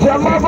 Yeah.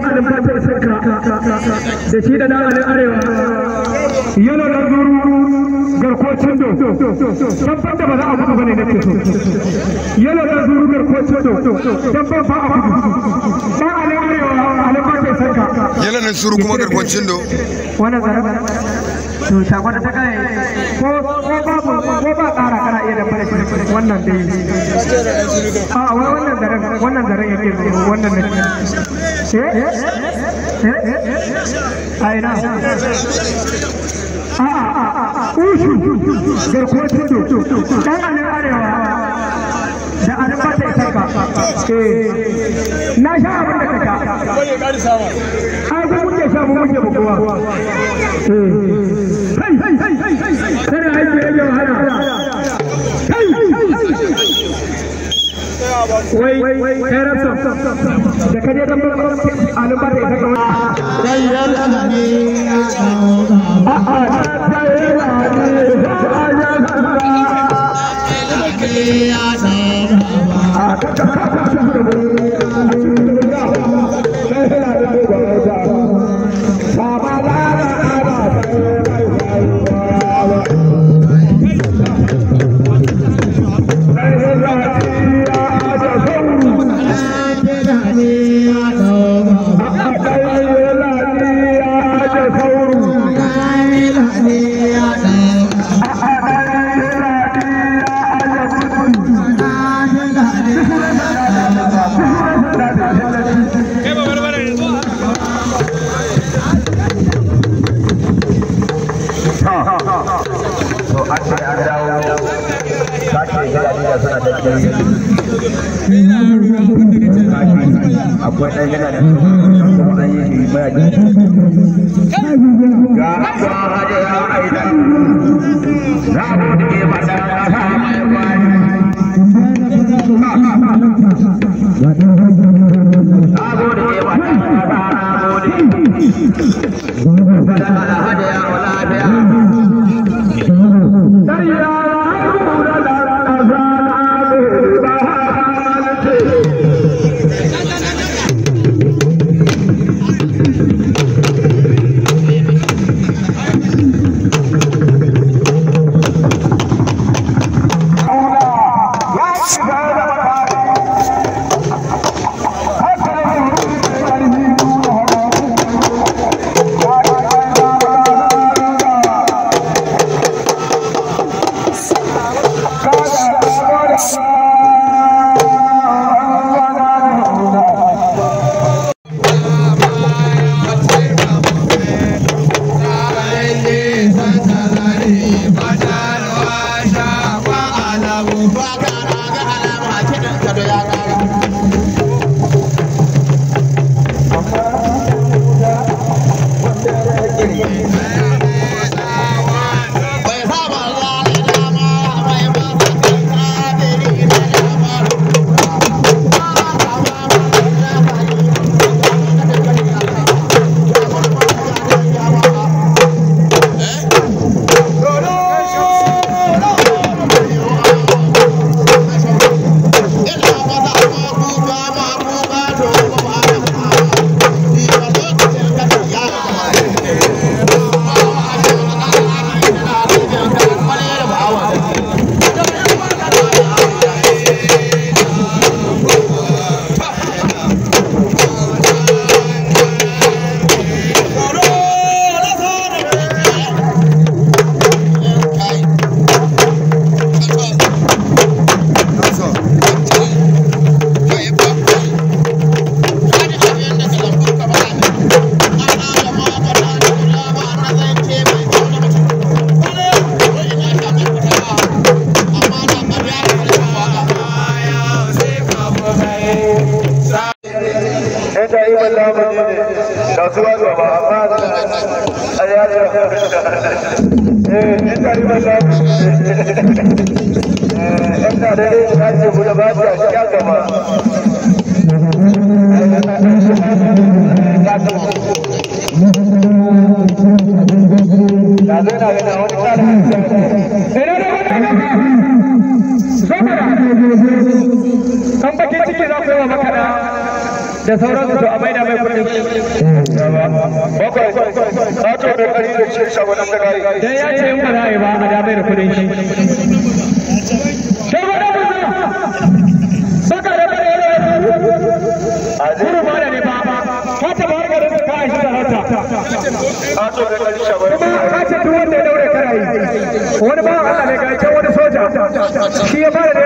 maganin fata da shi da dalilin arewa yana da garkocin do tabbar da ba za a bane yana da garkocin do tabbar ba a arewa fata yana da kuma garkocin do wannan zaraba to sakon da ta kai ko ko babu ko ba tsara kana iya da fara wannan dai a wannan zaren wannan zaren yake wannan ne a ina ushu garkuwar tudu ɗan alin arewa da alin ba ta isar ba na a abin da ka sha ai kun muke sha mu muke bukuwa अनपत da sauran su a maida mai kuɗi bakwai da kari da ce shago nan da dan ya ce in ba za a yi ba a da mai da shi Saka da ba da ne ba. Ka ta ba kai shi da hata. da kari Kuma ka ce duk wanda ya daure karayi. Wani ba Allah ne ga wani soja. Shi ya fara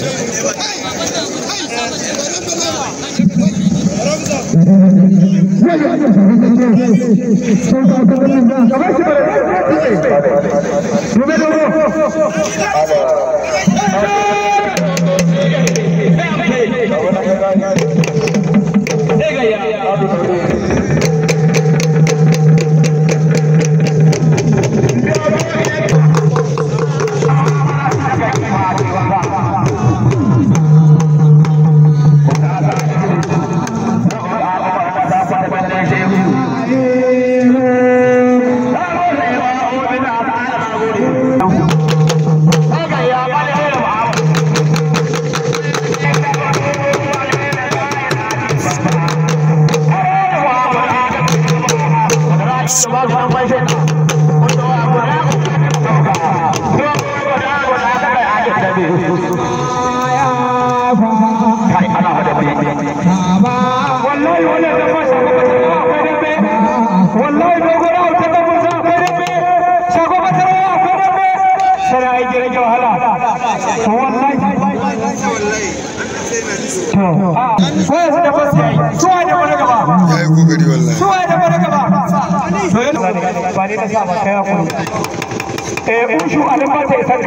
Ramza. ba ta yakuru eh ushu alin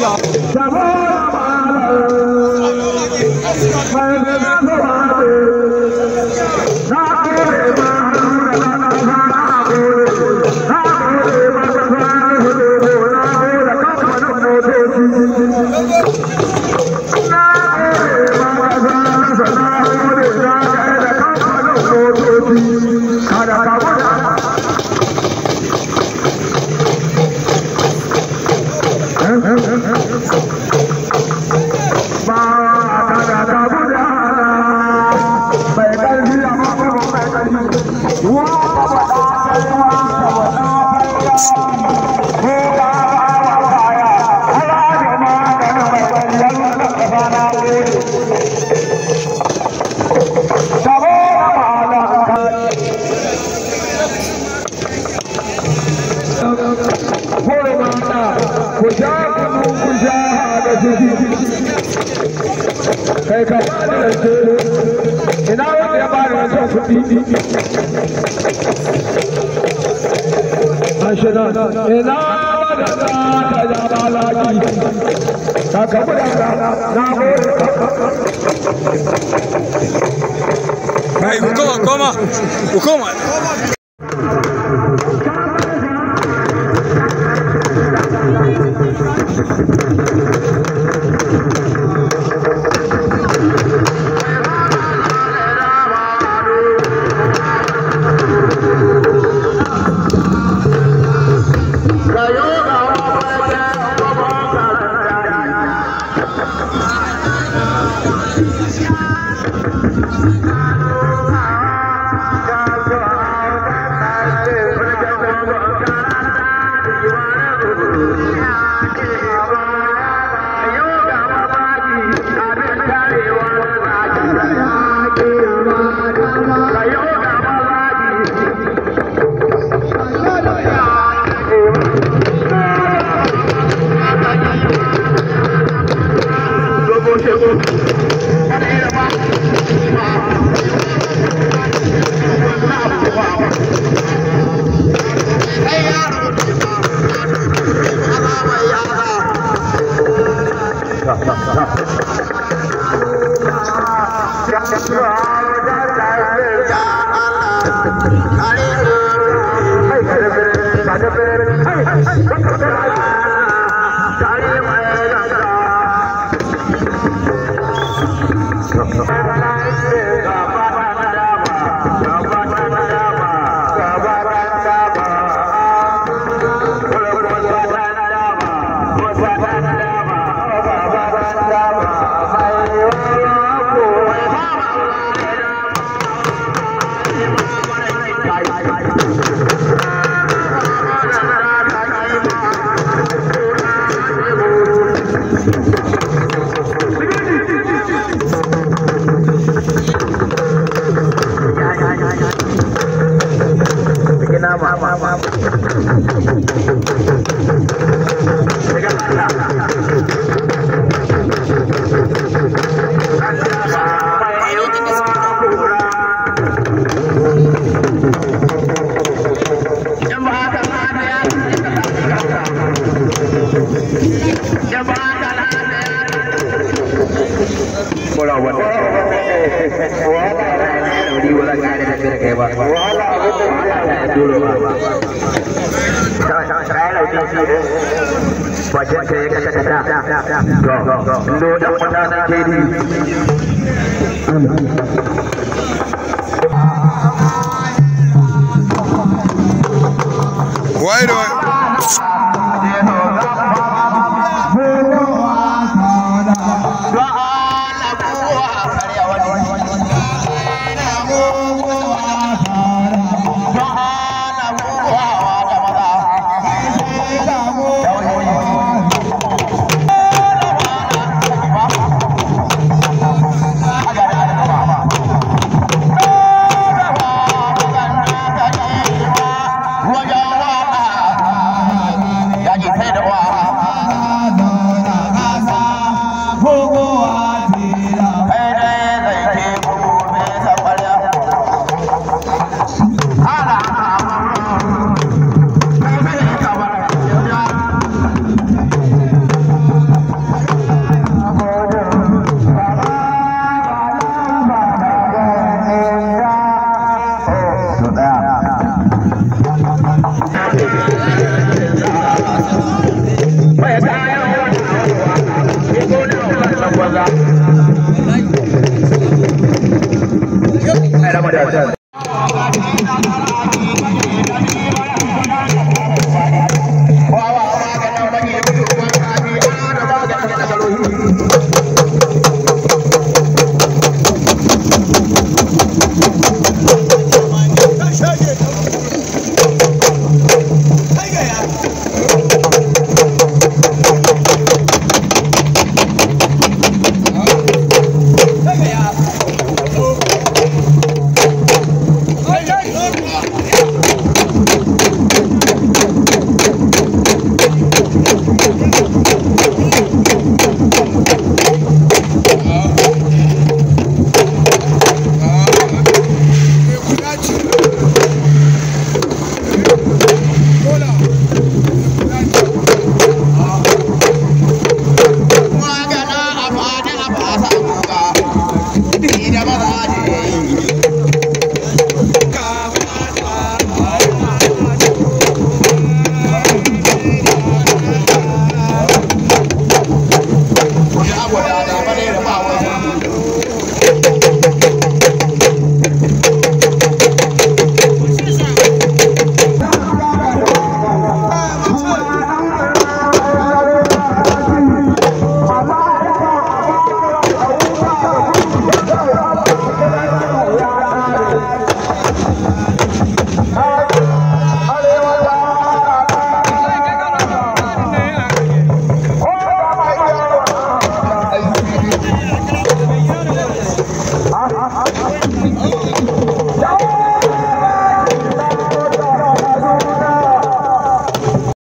자, ashirin ina wadda za ka koma. Ha ha ha. போடா முடிவுல saya Why do I?